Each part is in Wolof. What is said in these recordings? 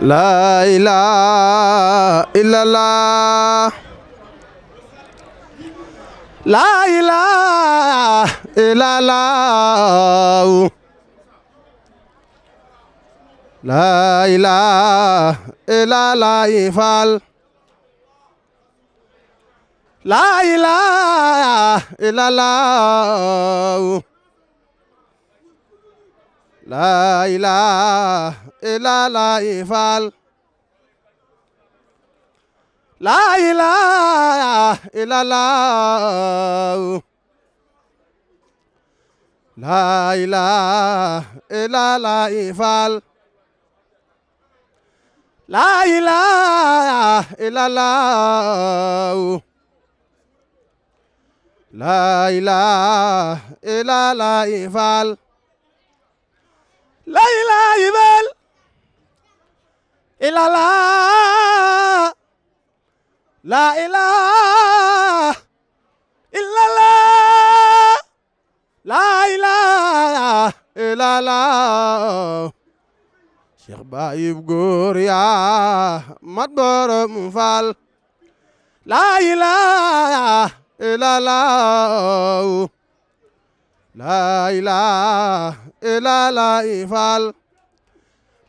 laa ilaaha illallah laa ilaaha illallah laa laa ilaaha illallah laa ilaaha illallaah faal laa ilaaha illallaah laa ilaaha illallaah faal laa ilaaha illallaah laa la ilaha ilala la ilaha illala la ilaha ilala Cheikh Bayib góor yaa mat borom faal la ilala laa ilaaha illallaah ifal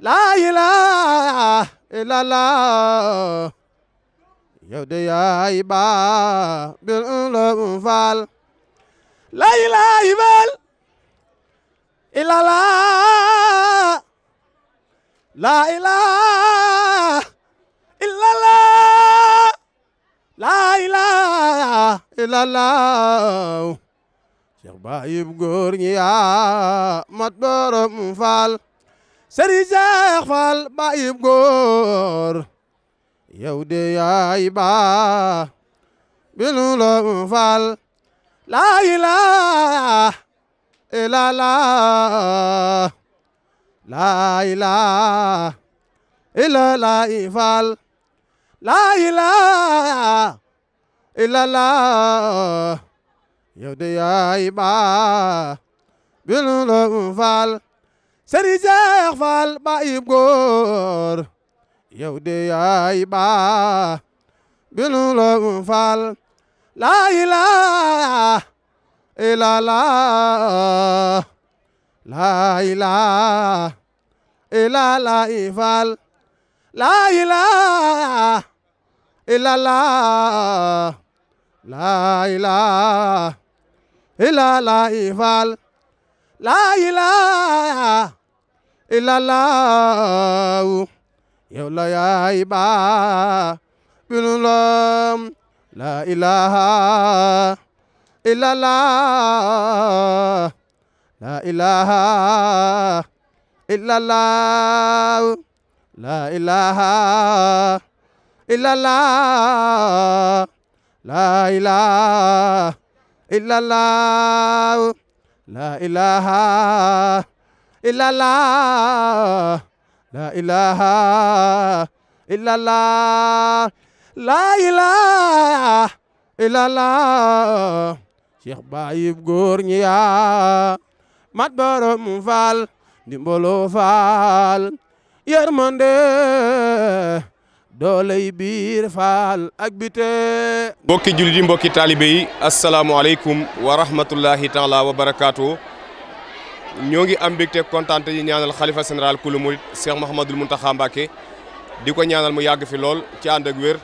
laa ilaaha illallaah yow de yaay baa bil ulum fal laa ilaaha ifal illallaah laa ilaaha illallaah laa ilaaha illallaah bayib góor ñi yaa mat borom faal sëriñ Seex Faal bayib góor yow de yaay binu lom faal laa ilaaha illallaah laa yow de yaay baa bilu lum faal sëriñ Seex um Faal baayib góor yow de yaay baa bilu lum faal laa ilaaha illallaah laa ilaaha illallaah faal laa ilaaha illallaah laa ilaaha ila la ifal la ilaha illa allah yow la yaay ba binu lom la ilaha illa allah la ilaha illa allah la ilaha illa allah la ilaha إلا الله لا إله إلا الله لا إله إلا الله لا إله إلا الله Cheikh Bayib góor ñi yaa mat borom faal ndimbalo doolay biir faal ak bite mbokki jullit yi mbokki taalibe yi asalaamualeykum wa rahmatullahi taala wa barakaatu ñoo ngi am mbégte kontaante yi ñaanal xalifa général kulu murit Cheikh Mouhamadul Mountakha Mbacké di ko ñaanal mu yàgg fi lool ci ànd ak wér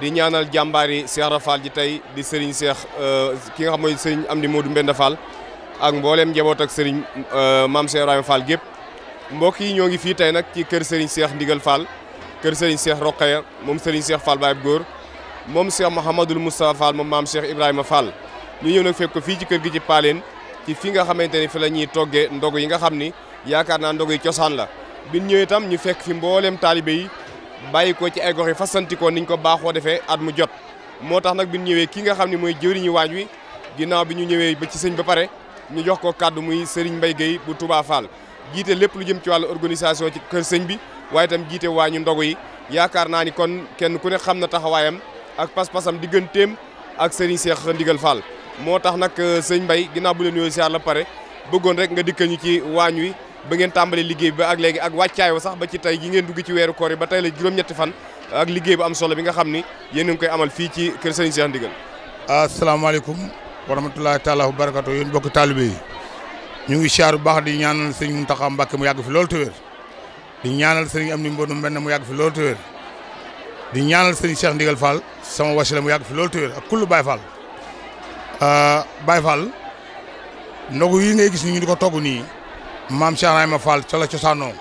di ñaanal jàmbaari Cheikh Rafal ji tey di Serigne Cheikh euh, ki nga xam mooy Serigne Amdi Modou Mbenda Fall ak mboolem njaboot sëriñ Serigne euh, maam Cheikh Ibrahima gépp mbokk yi ñoo ngi fii tey nag ci kër Serigne Cheikh Ndigal Fall kër Serigne Cheikh Rokhaya moom Serigne Cheikh Fall Baye Góor moom Cheikh Mouhamadul Moustapha Fall moom maam Cheikh Ibrahima Fall ñu ñëw nag fekk ko fii ci kër gi ci Paleen ci fi nga xamante ni fi la ñuy toggee ndog yi nga xam ni yaakaar naa ndog cosaan la bi ñëwee itam ñu fekk fi mbooleem taalibe yi bàyyi ko ci ay gox yi fasantikoo niñ ko baaxoo defee at mu jot moo tax nag bi ñëwee kii nga xam ne mooy jëwriñu waañ wi ginnaaw bi ñu ñëwee ba ci sëñ ba pare ñu jox ko kàddu muy Serigne Mbaye bu Touba Fall jiite lépp lu jëm ci wàllu organisation ci kër sëñ bi waaye tam jiite waañu ndogu yi yaakaar naa ni kon kenn ku ne xam na taxawaayam ak pas-pasam digganteem ak sëriñ Seex Ndigal Fall moo tax nag euh, sëñ Mbay ginnaaw bu leen yooyu siyaar la pare bëggoon rek nga dikkal ñu ci waañ wi ba ngeen tàmbalee liggéey bi ak léegi ak wàccaay wa sax ba ci tey gi ngeen dugg ci weeru koor yi ba tey la juróom-ñetti fan ak liggéey bu am solo bi nga xam ni yéen a ngi koy amal fii ci kër sëriñ Seex Ndigal asalaamaaleykum wa rahmatulahi taala wa barakatu yéen bokk taalibe yi ñu ngi siyaar bu baax di ñaanal sëñ Muntaxa Mbàkke mu yàgg fi loolu te di ñaanal sëriñ am ni mboonu mbenn mu yàgg fi loolu di ñaanal sëriñ Cheikh Ndigal Fall sama wasila mu yàgg fi loolu téwéer ak kullu euh, Baye Fall ndogu yi ngay gis ni ñu di ko togg nii maam Cheikh Ibrahima Fall ca la cosaanoo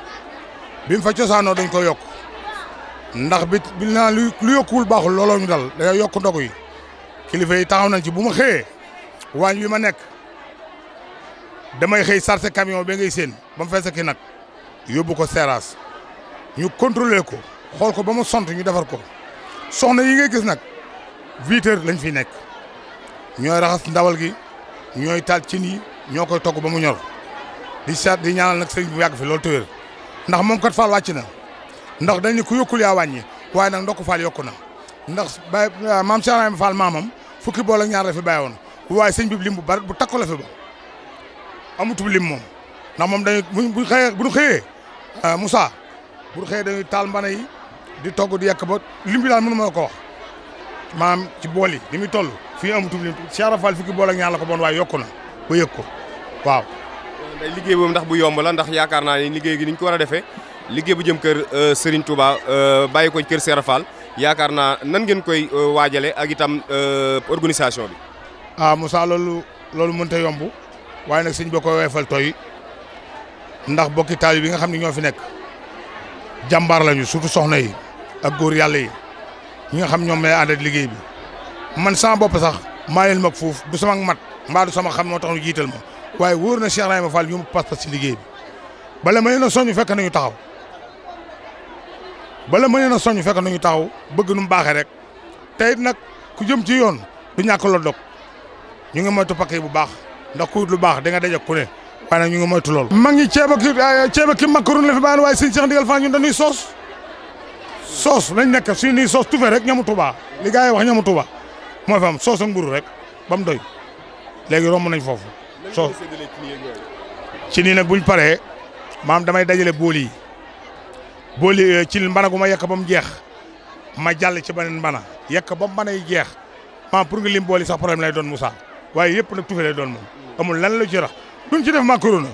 bi fa cosaanoo dañ ko yokk ndax bi bi naa lu lu yokkuwul baaxul looloo dal dañoo yokk ndogu yi kilifa yi taxaw nañ bu ma xëyee waañ wi ma nekk damay xëy sarse camion ba ngay seen ba mu fees nag yóbbu ko seeraas ñu contrôler ko xool ko ba mu sont ñu defar ko soxna yi ngay gis nag huit heures lañ fi nekk ñooy raxas ndawal gi ñooy taal cin ñoo koy togg ba mu ñor di saat di ñaanal nag sëriñ bu fi loolu tëwér ndax moom kat faal wàcc na ndax dañ ne ku yokkul yaa wàññi waaye nag ndokk faal yokku na ndax bay euh, maam Cheikh Fall maamam fukki bool ñaar la fi bàyyi woon waaye sëñ bi lim bu bari bu takku la fi ba amutu lim moom ndax moom bu xëyee bu ñu xëyee Euh, Moussa bu xëyee dañuy taal mbana di togg di yàq ba lim bi daal ma ko wax maam ci bool yi li muy toll fii amatul lim Cheikh Rafal fukki bool ak ñaar la ko bon waaye yokku na ba ko waaw. day liggéey boobu ndax bu yomb la ndax yaakaar naa ne liggéey gi ni ko war a defee liggéey bu jëm kër euh, Serigne Touba euh, bàyyi ko kër Cheikh Rafal yaakaar naa nan ngeen koy waajale ak itam organisation bi. a ah, musa loolu loolu mënta a yomb waaye nag sëñ bi ko weefal tooy ndax bokki taali bi nga xam ne ñoo fi nekk jàmbaar lañu surtout soxna yi ak góor yàlla yi ñi nga xam ñoom may àndat liggéey bi man sama bopp sax maa leen mag fuuf du sama mat mbaa du sama xam moo tax ñu jiital ma waaye wóor na Cheikh Ibrahima Fall ñu mu pas-pas ci liggéey bala ma na a soññ fekk nañu taxaw bala ma leen a soññ fekk nañu taxaw bëgg nu mu baaxee rek tey nag ku jëm ci yoon du ñàkk loo dog ñu ngi moytu paquet bu baax ndax ku lu baax da nga daje ku waaye nag ñu ngi moytu loolu. mag ñi ceeba ki eh, ceeba ki macaron la fi bàyyi waaye suñu lañ nekk suñu nii soos tufe rek ñamu tuba li gars yi wax ñamu tuba moo fi am soos ak mburu rek ba mu doy léegi romb nañ foofu soos ci nag buñ paree maam damay dajale bool yi bool yi eh, ci mbana gu ma yekk ba mu jeex ma jàll ci beneen mbana yekk ba mu mbana yi jeex maam pour nga lim bool sax problème la doon Moussa waaye yëpp nag tufe lay doon moom amul lan la ci rax duñ ci def macaroni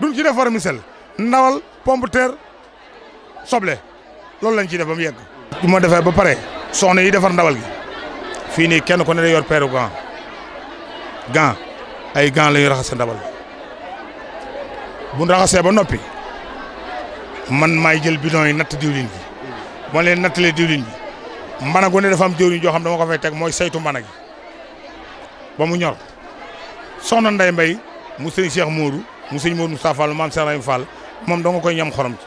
duñ ci def vermicelle ndawal pomme soble loolu lañ ciy def ba mu yegg. bu ma defee ba pare soxna yi defar ndawal gi fii nii kenn ku ne day yor peeru gant gant ay gant la ñuy raxase ndawal bu raxasee ba noppi man maay jël bidon yi natt diwlin bi ma leen nattalee diwlin bi. mbana gu ne dafa joo xam dama ko fay teg mooy saytu mbana gi ba mu ñor soxna nday mbay mu sëñ Cheikh Modou mu sëñ Modou Moustapha Fall maam Saraye moom da koy ñam xorom ci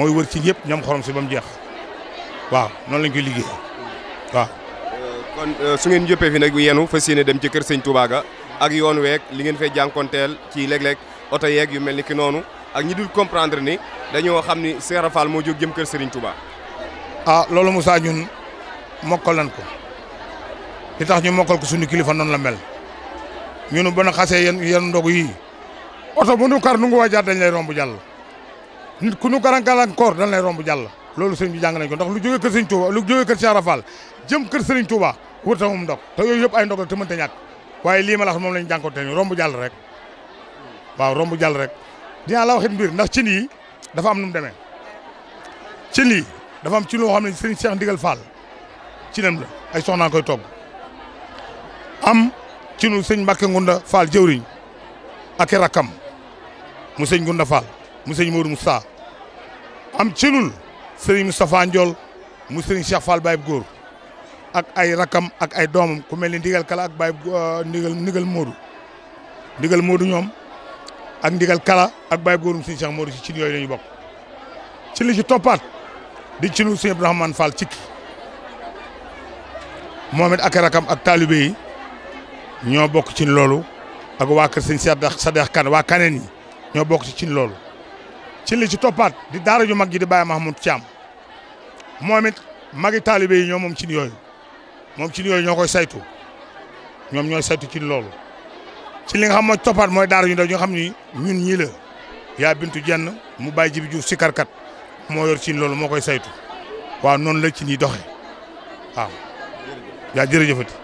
mooy wër ci yëpp ñam xorom si ba jeex waaw noonu lañ koy liggéey waaw. kon euh, su ngeen jëppee fi nag yenu fa yéene dem ci kër sëñ Touba ga ak yoon weeg li ngeen fay jànkonteel ci léeg-léeg oto yeeg yu mel ni ki noonu ak ñi dul comprendre ni dañoo xam ni Serap moo jóg jëm kër Serigne Touba. ah loolu Moussa ñun mokkal nañ ko li tax ñu mokkal ko suñu kilifa noonu la mel. ñunu bana xasee yen yen ndog yi oto bu nu kar nu ngu waa dañ lay romb jàll nit ku nu gàllankoor dañ lay romb jàll loolu sëñ bi jàng nañ ko ndax lu jógee kër sëñ Touba lu jógee kër Cheikh Rafal jëm kër sëriñ Touba wër tamum ndog te yooyu yëpp ay ndog la te mënta ñàkk waaye lii ma la wax moom lañ jànkoonte ñu romb jàll rek waaw romb jàll rek dinaa la waxit mbir ndax cin yi dafa am nu mu demee cin dafa am ci loo xam ne sëriñ Cheikh Ndigal Fall cinam la ay soxnaa koy togg ci nu sëñ Mbacke Ngunda Fall jëwriñ ak i rakkam mu sëñ Ngunda Fall mu sëñ Modou Moussa am ci nun sëriñ Moustapha Ndiol mu sëriñ Cheikh Fall Baye Góor ak ay rakkam ak ay doomam ku mel ni ndigal kala ak Baye euh, ndigal ndigal Modou ndigal ak ndigal kala ak Góor mu sëriñ Cheikh Modou ci cin yooyu la ñu bokk ci li ci toppaat di ci nu sëñ Abdourahmane Fall cikki moom ak i rakkam ak taalibe ñoo bokk cin loolu ak waa kër sëñ Sadex Sadex Kan waa kaneen ñoo bokk ci loolu. ci li ci toppaat di daara ju mag ji max mun Mahmoud Thiam moom it magi taalibe yi ñoo moom cin yooyu moom cin yooyu ñoo koy saytu ñoom ñooy saytu ci loolu. ci li nga xam mooy toppaat mooy daara yu ñu xam ni ñun ñii yaa bintu jenn mu bàyyi jibi juuf si karkat moo yor cin loolu moo koy saytu waaw noonu la ci ñuy doxee waaw yaa jërëjëfati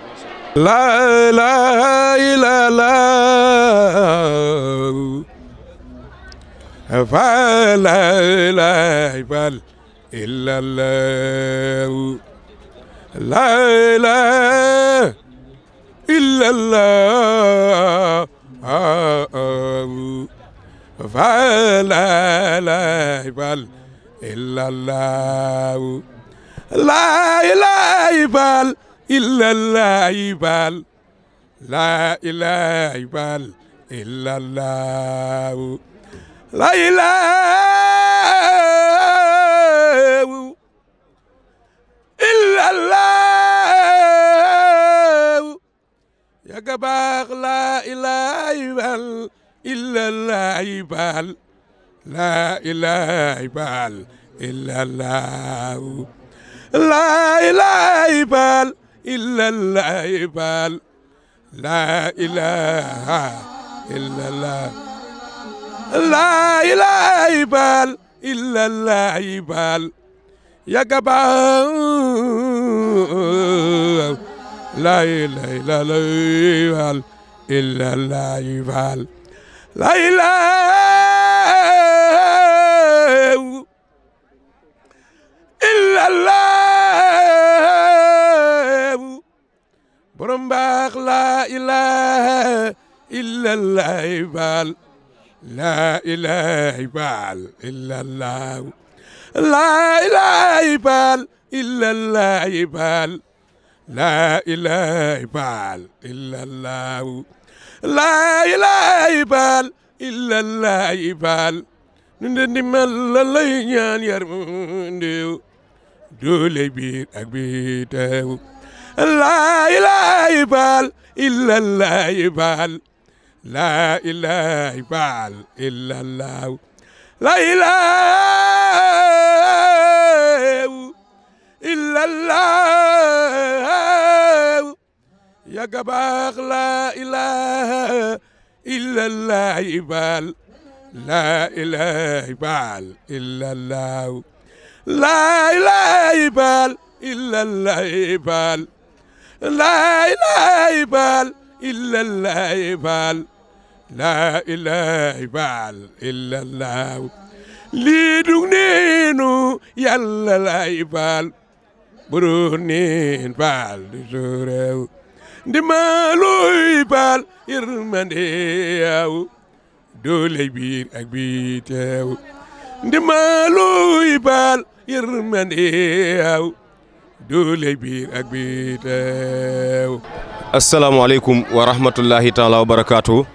laa ilaaha illallaah faa laa ilaaha illallaah laa illallah ibal la ilaha ibal illallah la ilaha illallah yaga baax la ilaha ibal illallah ibal la ilaha إلا العبال لا إله إلا الله لا إله إبال إلا الله إبال يا جبال لا إله إلا الله إلا الله إبال لا إله إلا الله borom baax laa ilaha illa lay baal laa ilaha baal illa laa ilaha baal illa lay baal laa ilaha baal laa ilaha baal illa baal nu nde ndimal la lay ñaan yar ndew doole biir ak biir teew laa ilaaha illaal illallah ibaal laa ilaaha ibaal illallah laa baax laa ilaaha illallah ibaal laa ilaaha ibaal illallah laa laay laay baal illa laay baal laa ilaay baal illa laaw lii dug neenu yàlla laay baal burur neen baal di sooreew ndi maaluy baal yërmande yaw doole biir ak biiteew ndi maaluy baal yërmande yaw duule biir ak biir teew. asalaamaaleykum wa rahmatullahi taala wa barakaatu.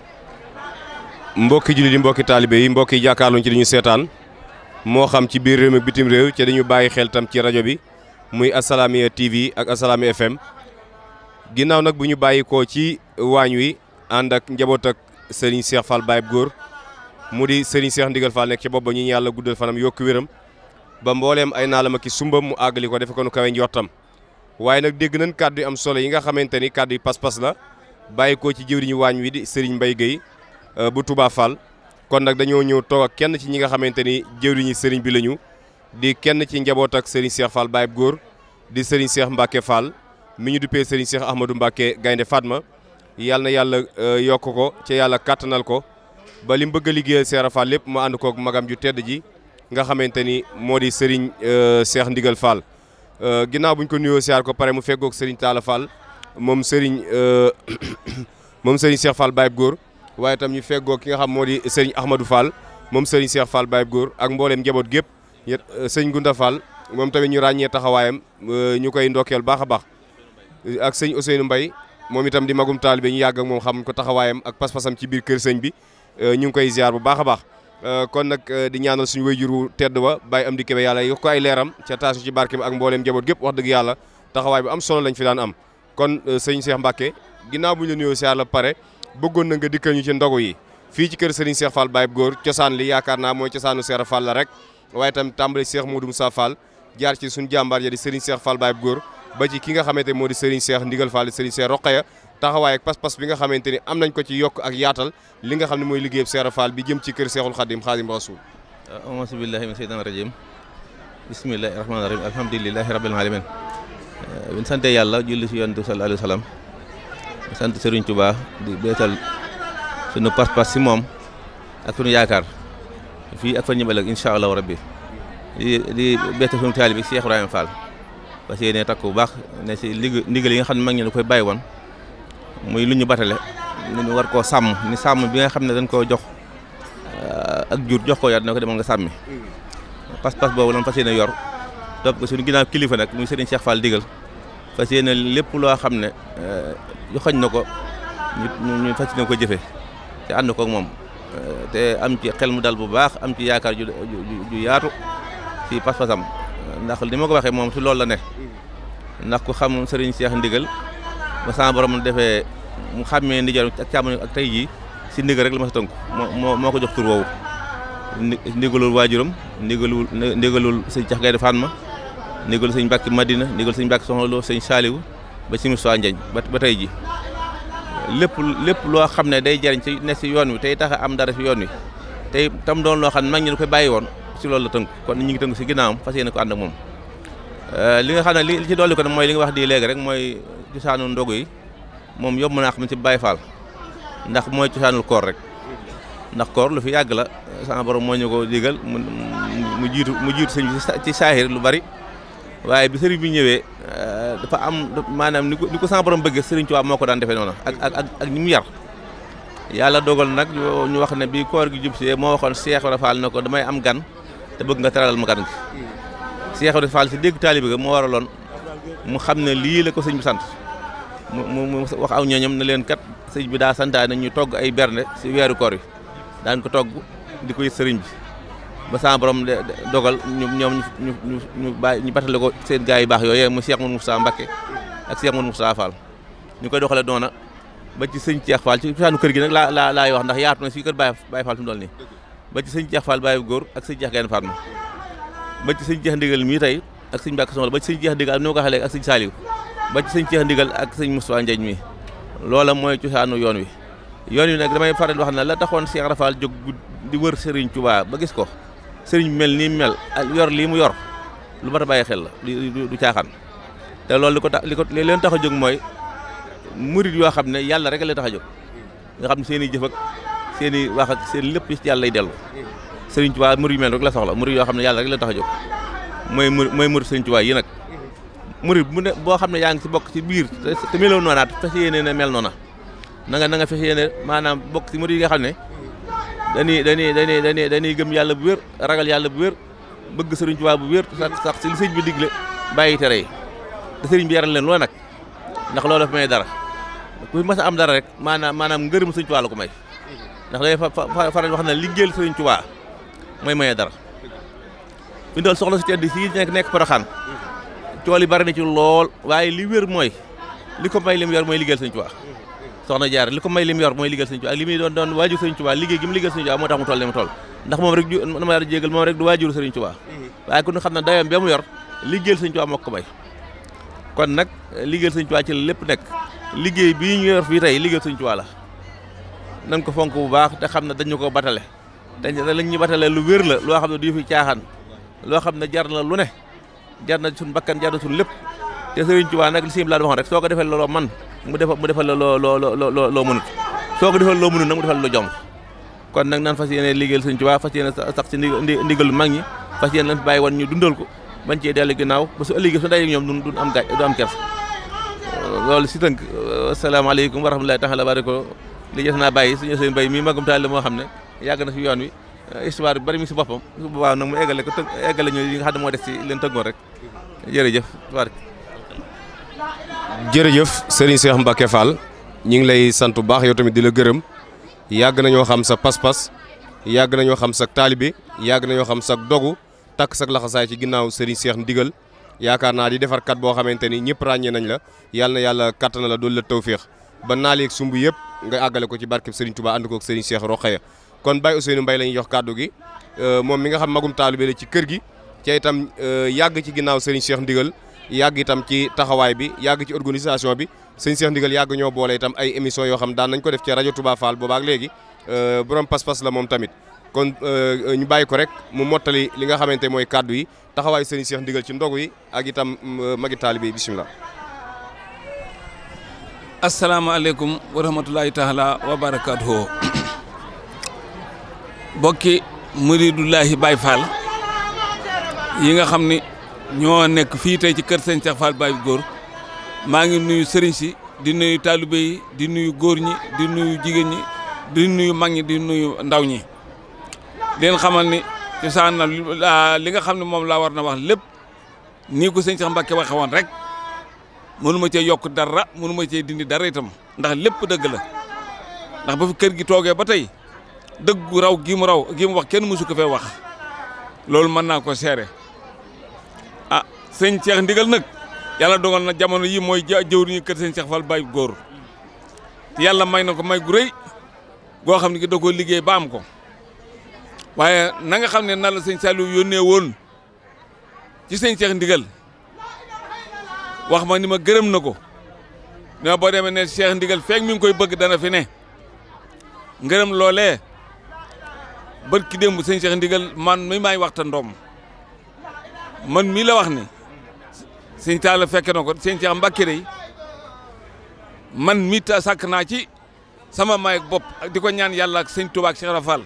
mbokki jullit yi mbokki taalibe yi mbokki jàkkaarloo ci dañuy seetaan moo xam ci biir réew mi bitim réew ci dañu bàyyi xel tam ci rajo bi muy Assalaamy TV ak Assalaamy FM ginnaaw nag bu ñu bàyyi koo ci waañ wi ànd ak njaboot ak Serigne Cheikh Fall Baye góor mu di Serigne Cheikh Ndigal Fall nekk ci bopp ba ñu yàlla guddal fanam yokk wéram. ba mbooleem ay naa naalama ki sumbam mu àggali ko defe ko nu kawe njottam waaye nag dégg nañ kàddu yi am solo yi nga xamante ni kàddu yi pas-pas la bàyyi ko ci jëwriñu waañ wi di Serigne Mbaye Guèye euh, bu Touba Fall kon nag dañoo ñëw toog kenn ci ñi nga xamante ni jëwriñu Serigne bi lañu di kenn ci njaboot ak Serigne Cheikh Fall Baye góor di Serigne Cheikh Mbacke Fall mu ñu duppee Serigne Cheikh Ahmadou Mbacke Gaynde Fatma yàlla na yàlla euh, yokk ko ca yàlla kàttanal ko ba li mu bëgg a liggéeyal Cheikh mu ànd koog magam ju tedd ji. nga xamante ni moo di Serigne euh, Cheikh Ndigal Fall euh, ginnaaw bu ñu ko nuyoo siyaar ko pare mu feggoog Serigne Talla Fall moom Serigne euh, moom Serigne Cheikh Fall Baye Góor waaye tam ñu feggoog ki nga xam moo di Serigne Ahmadou Fall moom Serigne Cheikh Fall Baye Góor ak mbooleem njaboot gépp sëñ Gunda Fall moom tamit ñu ràññee taxawaayam ñu koy ndokkeel baax baax ak sëñ Ousseynou mbay moom itam di magum taalibe ñu yàgg moom xam ko taxawaayam ak pas-pasam ci biir kër sëñ bi ñu ngi koy ziar bu baax a baax. Euh, kon nag euh, di ñaanal suñu wayjuru tedd wa Baye Amdi Kébé yàlla yokk ay leeram ca taasu ci barke bi ak mbooleem njaboot gépp wax dëgg yàlla taxawaay bu am solo lañ fi daan am kon euh, sëñ Cheikh Mbacke ginnaaw bu ñu la nuyoo siyaar la pare bëggoon na nga dikkal ñu ci ndogu yi fii ci kër Serigne Cheikh Fall Baye góor cosaan li yaakaar naa mooy cosaanu Cheikh Fall la rek waaye itam tàmbali Cheikh Moudou Moussa Fall jaar ci suñu jàmbaar ja di Serigne Cheikh Fall Baye góor ba ci ki nga xamante moo di Serigne Cheikh Ndigal Fall Serigne Cheikh Roqaya taxawaay ak pas bi nga xamante ni am nañ ko ci yokk ak yaatal li nga xam ne mooy liggéeyub Seera Fall bi jëm ci kër Seexul Xadim Xadim Rasul auzu billahi min seytaan rajim bismillahi rahmaani rahim alhamdulilahi rabbil alamin eh, bin sante yàlla julli si yonent sallallahu alayhi wa sallam sant Serigne Touba di beetal sunu pas-pas si moom ak sunu yaakaar fii ak fa ñu ëllëg incha allahu rabbi di di beetal sunu taalibe Cheikh Ibrahima Fall parce ne takk bu baax ne si liggéey yi nga xam ne mag ñu ne koy bàyyi woon muy lu ñu batale ñu war koo sàmm ni sàmm bi nga xam ne dañ koo jox euh, ak jur jox ko yor ne ko demal nga sàmmi pas-pas boobu lan fas yéene yor topp ko suñu ginnaaw kilifa nag muy Serigne Cheikh Fall digal fas yéene lépp loo xam ne joxoñ euh, na ko ñu ñu fas ko jëfe te ànd kook moom euh, te am ci xel mu dal bu baax am ci yaakaar ju ju yaatu ci pas-pasam ndax li ma ko waxee moom su loolu la ne ndax ku xam seex Cheikh ndigal ba sama borom defee mu ni ndijaram ak càmmoñ ak tey jii si ndigal rek la ma si tënku moo moo ko jox tur woowu ndigalul waajuram ndigalul ndigalul sëñ Cax Gaynde Fatma ndigal sëñ Mbàkke Madina ndigal sëñ Mbàkke Soxna Lo sëñ Saaliwu ba si Moussa Ndiagne ba tey ji lépp lépp loo xam ne day jariñ ci ne si yoon wi tey taxa a am dara si yoon wi tey tam doon loo xam ne mag ñi koy bàyyi woon si loolu la tënk kon ñu ngi tënk si ginnaawam fas yéene ko ànd ak moom euh, li nga xam ne li ci dolli ko nag mooy li nga wax di léegi rek mooy cosaanu ndogu moom yomb naa xam ci Baye Fall ndax mooy cosaanul koor rek ndax koor lu fi yàgg la sama borom moo ñu ko digal mu mu jiitu mu jiitu sëñ bi ci saahir lu bari waaye bi sëriñ bi ñëwee euh, dafa am maanaam ni ko ni ko sama borom bëggee sëriñ Tuubaa moo ko daan defee noonu ak ak ak ni mu yar yàlla dogal nag ñu wax ne bi koor gi jub see moo waxoon Cheikh faal Fall ne ko damay am gan te bëgg nga teralal ma gan gi Cheikh si dégg taalibe ga moo waraloon mu xam ne lii la ko sëñ bi sant mu mu wax aw ñooñam na leen kat sëñ bi daa santaane ñu togg ay bernde si weeru koor yi daan ko togg di koy sëriñ bi ba sama borom dogal ñu ñoom ñu ñu ñu batale ko seen gaa yu baax yooyee mu Cheikh Mouhamadou Moustapha Mbacké ak Cheikh Mouhamadou Moustapha Fall ñu koy doxale noona ba ci sëñ Cheikh Fall ci cosaanu kër gi nag laa laa laay wax ndax yaatu na fii kër Baye Baye Fall fi mu dool nii ba ci sëñ Cheikh Fall Baye góor ak sëñ Cheikh Gaynde Fatma ba ci sëñ Cheikh Ndigal mii tey ak sëñ Mbacke Somal ba ci sëñ Cheikh Ndigal am ko xale ak sëñ ba ci sëñ Ceex ak sëñ Moussa Ndiagne mi loola mooy cosaanu yoon wi yoon wi nag damay faral wax na la taxoon Cheikh Rafal jóg di wër sëriñ Touba ba gis ko Serigne mel nii mel ak yor lii mu yor lu mat a bàyyi xel la du caaxaan te lool li ko tax li ko li leen tax a jóg mooy murid yoo xam ne yàlla rek la tax a jóg nga xam ne seen i jëf ak seen i wax ak seen lépp ci yàlla lay dellu Serigne Touba murid yu mel rek la soxla murid yoo xam ne yàlla rek la tax a jóg mooy murid mooy murid Serigne yi nag. murid bu ne boo xam ne yaa ngi si bokk ci biir te meloo noonaat fexe yéene ne mel noona na nga na nga fexe maanaam bokk si murid yi nga xam ne dañuy dañuy dañuy dañuy dañuy gëm yàlla bu wér ragal yàlla bu wér bëgg sëriñ Tuubaa bu wér sax sax ci li sëriñ bi digle bàyyi tere yi te sëriñ bi yaral leen loo nag ndax loolu dafa may dara ku mas a am dara rek maanaam maanaam ngërëm sëriñ Tuubaa la ko may ndax day faral wax na liggéeyal sëriñ Tuubaa mooy maye dara fi dool soxla si tedd si nekk nekk Poroxaan cool yi bari na ci lool waaye li wér mooy li ko may lim yor mooy liggéeyal sëñ Tuubaa soxna jaar li ko may lim yor mooy liggéeyal sëñ Tuubaa li muy doon doon waajur sëñ Tuubaa liggéey gi mu liggéeyal sëñ moo tax mu toll mu toll ndax moom rek dama yar jégal moom rek mm-hmm. xam ne dayoom ba mu yor liggéeyal sëñ Tuubaa ko may kon nag liggéeyal sëñ Tuubaa ci lépp nekk liggéey bii ñu yor fii tey liggéeyal sëñ Tuubaa la nañ ko fonk bu baax te xam ne dañu ko batale dañ lañ ñu batale lu wér la loo xam ne du fi caaxaan loo xam ne jar na lu ne jar na suñ bakkan jar na suñ lépp te Sëriñ Tuubaa nag li sëñ bi laa rek soo ko defee loo man mu defal mu loo loo loo loo mënut soo ko defal loo mënut nag mu defal lu jom kon nag nan fas yéene liggéeyal Sëriñ Tuubaa fas yéene sax ci ndigalu mag ñi fas yéene lan fi bàyyi woon ñu dundal ko bañ cee dellu ginnaaw ba su ëllëgee su ndaje ñoom du am gaaj du am kers loolu si tënk asalaamaaleykum wa rahmatulahi taala wa barako li jës naa bàyyi suñu seen bay mii magum taal moo xam ne yàgg na si yoon wi Euh, histoire bari mi si boppam su boobaa nag mu eggale ko tëgg eggale ñu yi nga xam ne moo des ci leen tëggoon rek jërëjëf ñu ngi lay sant bu baax yow tamit di la gërëm yàgg nañoo xam sa pas-pas yàgg nañoo xam sa taalibe yàgg nañoo xam sa dogu takk sa laxasaay ci ginnaaw Serigne seex ndigal yaakaar naa di defarkat boo xamante ni ñëpp ràññee nañ la yàlla na yàlla kattan la doolu la tawféex ba naa leeg sumb yëpp nga àggale ko ci barkeb Serigne Touba ànd kook Serigne Cheikh Rokhaya kon Baye Ousseynou Mbaye la ñuy jox kàddu gi euh, moom mi nga xam magum taalibe la ci kër gi ci itam euh, yàgg ci ginnaaw sëriñ Cheikh Ndigal yàgg itam ci taxawaay bi yàgg ci organisation bi sëriñ Cheikh yàgg ñoo boole itam ay émission yoo xam daan nañ ko def ci rajo Touba Fall boobaak léegi euh, borom pas-pas la moom tamit kon ñu bàyyi ko rek mu mottali li nga xamante mooy kàddu yi taxawaay sëriñ Cheikh Ndigal ci ndogu yi ak itam magi taalibe yi bisimilah. asalaamaaleykum wa rahmatulahi taala wa barakaatuhu bokki muridullahi Baye Fall yi nga xam ni ñoo nekk fii tey ci kër sëñ Cheikh Fall Baye góor maa ngi nuyu sëriñ si di nuyu taalibe yi di nuyu góor ñi di nuyu jigéen ñi di nuyu mag ñi di nuyu ndaw ñi leen xamal ni cosaan li nga xam ne moom laa war na wax lépp nii ko sëñ Cheikh Mbacke waxe woon rek mënuma ma yokk dara mënu ma cee dindi dara itam ndax lépp dëgg la ndax ba fi kër gi toogee ba tey dëggu raw gi mu raw gi mu wax kenn mësu ko fe wax loolu mën naa ko seere a ah, sëñ Cheikh ndigal nag yàlla dogal na jamono yi mooy ja jëwriñu kër sëñ Cheikh Fall Baye góor te yàlla may na ko may gu rëy goo xam ne ki da liggéey ba ko waaye nanga xam ne nan la sëñ Saliou yónnee woon ci sëñ Cheikh ndigal wax ma ni ma gërëm na ko ne ma boo demee ne Cheikh ndigal feek mi ngi koy bëgg dana fi ne ngërëm loolee barki démb sëñ Cheikh Ndigal man mi maay waxta ndoom man mii la wax ni sëñ Talla fekke na ko sëñ Cheikh Mbacke man mit ta sàkk naa ci sama may bopp di ko ñaan yàlla ak sëñ Touba ak Cheikh Rafal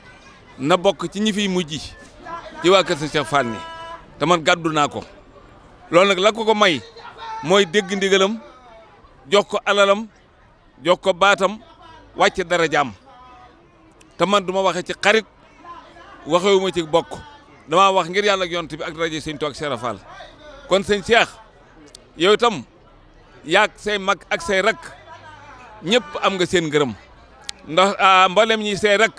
na bokk ci ñifi fiy mujj ci waa kër sëñ Cheikh ni te man gàddu naa ko loolu nag la ko ko may mooy dégg ndigalam jox ko alalam jox ko baatam wàcce dara jaam man duma ma waxee ci xarit waxewuma ci bokk damaa wax ngir yàlla ak yonent bi ak rajo sëñ toog Cheikh Fall kon sëñ Cheikh yow itam yaag seen mag ak say rak ñëpp am nga seen ngërëm ndax ah, mboolem ñi say rek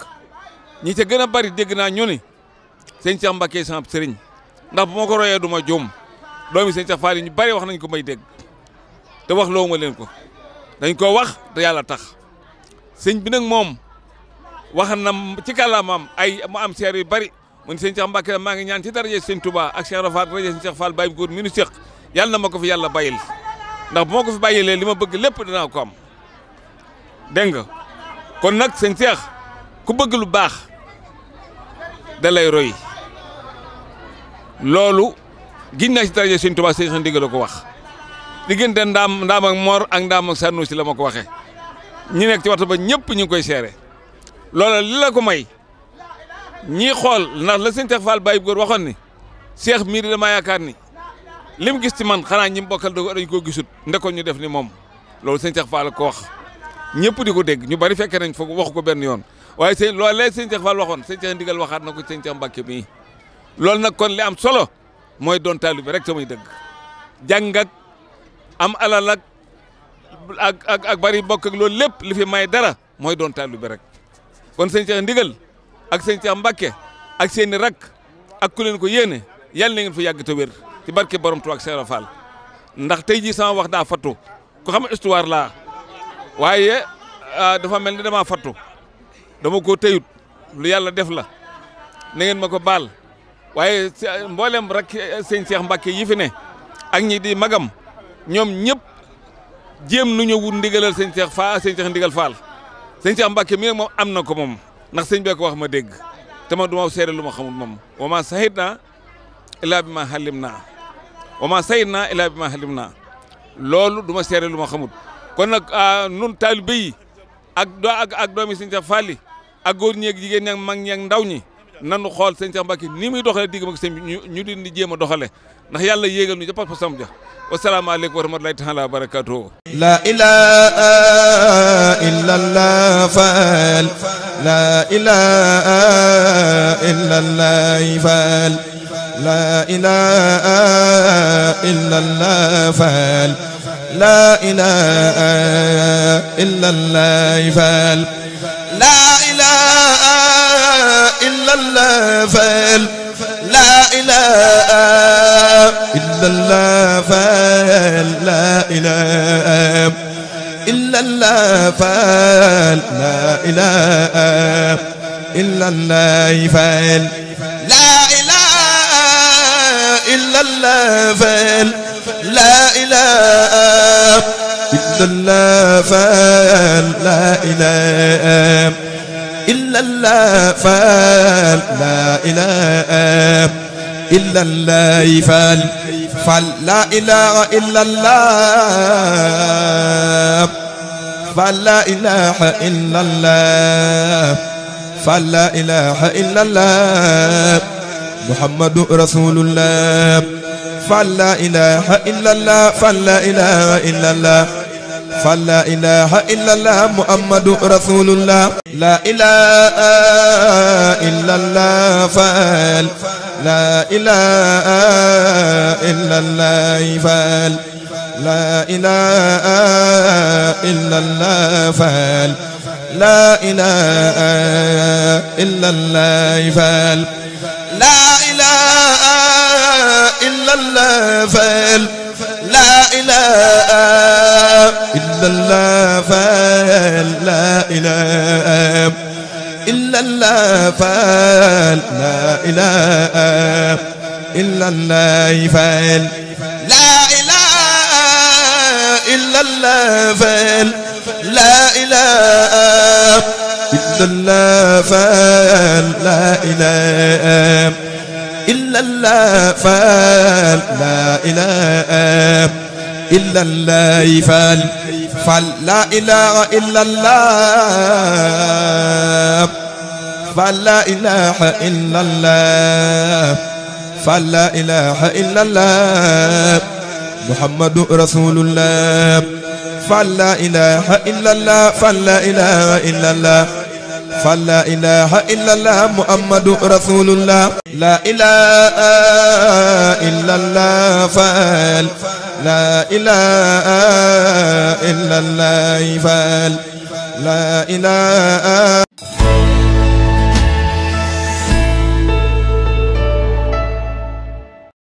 ñi ca gën a bari dégg naa ñu ni sëñ Cheikh Mbacké sama sëriñ ndax bu moo ko royee du ma juum doomi sëñ Cheikh Fall yi ñu bari wax nañ ko may dégg te wax loo leen ko dañ ko wax te yàlla tax sëñ bi nag moom. wax na ci kàllaamaam ay mu am seer yu bari mu ne sëñ mbake Mbacke maa ngi ñaan ci daraje sëñ Touba ak Cheikh Rafat daraje sëñ Cheikh Fall Baye Góor mi nu séq yàlla na ma ko fi yàlla bàyyil ndax bu ma ko fi bàyyilee li ma bëgg lépp dinaa ko am dégg nga kon nag sëñ Cheikh ku bëgg lu baax da roy loolu giñ naa ci daraje sëñ Touba sëñ Cheikh Ndigal la ko wax diggante ndaam ndaam ak moor ak ndaam ak si la ma ko waxee ñi nekk ci waxtu ba ñëpp ñu koy seere loola li la ko may ñii xool ndax la sëñ Cheikh Fall Baye góor waxoon ni seex miir dama yaakaar ni li mu gis ci man xanaa ñi mu bokkal dañ koo gisut ndekkoon ñu def ni moom loolu sëñ Cheikh Fall ko wax ñëpp di ko dégg ñu bari fekke nañ foog waxu ko benn yoon waaye sëñ loolu la sëñ Cheikh Fall waxoon sëñ Cheikh ndigal waxaat na ko sëñ Cheikh Mbacke mii loolu nag kon li am solo mooy doon taalibe rek samay dëgg jàng am alal ak ak bari bokk ak loolu lépp li fi may dara mooy doon taalibe rek. kon sëñ Cheikh ndigal ak sëñ Cheikh Mbacke ak seen i rakk ak ku leen ko yéene yàlla na ngeen fa yàgg te wér ci barke borom Tuubaa ak Seera Faal ndax tey jii sama wax daa fattu ku xam histoire la waaye ah, dafa mel ni damaa fattu dama ko tëyut lu yàlla def la na ngeen ma ko baal waaye mboolem rakk sëñ Cheikh Mbacke yi fi ne ak ñi di magam ñoom ñëpp jéem nu ñëw wut ndigalal sëñ Cheikh Faal sëñ Cheikh ndigal Faal. sëñ Cheikh Mbacke mi moom am na ko moom ndax sëñ bee ko wax ma dégg te man du seere lu ma xamul moom wa ma sahid naa ilaa bi ma naa wa naa ilaa bi ma xalim naa loolu duma ma seere lu ma xamul kon nag ah, nun taalibe yi ak doo ak ak doomi sëñ Cheikh Fall ak góor ñeeg jigéen ñeeg mag ñeeg ndaw ñi nanu xool sëñ Cheikh Mbacke ni muy doxalee digg mag sëñ bi ñu di jéem a doxale ndax yàlla yéegal nu jàppal fa sam ja wasalaamaaleykum wa rahmatulahi taala wa barakaatu la ilaha illa allah faal la ilaha illa allah faal la ilaha illa allah faal la ilaha illa allah faal la ilaha illa allah faal إله إلا الله فلا إله إلا الله فلا إله إلا الله فلا إله إلا الله فلا لا إله إلا الله فلا إله إلا الله فلا إله إلا الله فال فلا إله إلا الله فلا إله إلا الله فلا إله إلا الله محمد رسول الله فلا إله إلا الله فلا إله إلا الله فلا إله إلا الله محمد رسول الله لا إله إلا الله فال لا إله إلا الله فال لا إله إلا الله فال لا إله إلا الله فال لا إله إلا الله فال لا إله إلا الله فلا إله إلا الله فلا إله إلا الله فلا إله إلا الله فلا لا إله إلا الله فلا إله إلا الله فلا إله إلا الله فال فلا إله إلا الله فلا إله إلا الله فلا إله إلا الله محمد رسول الله فلا إله إلا الله فلا إله إلا الله فلا إله إلا الله محمد رسول الله لا إله إلا الله فال لا إله إلا الله فال لا إله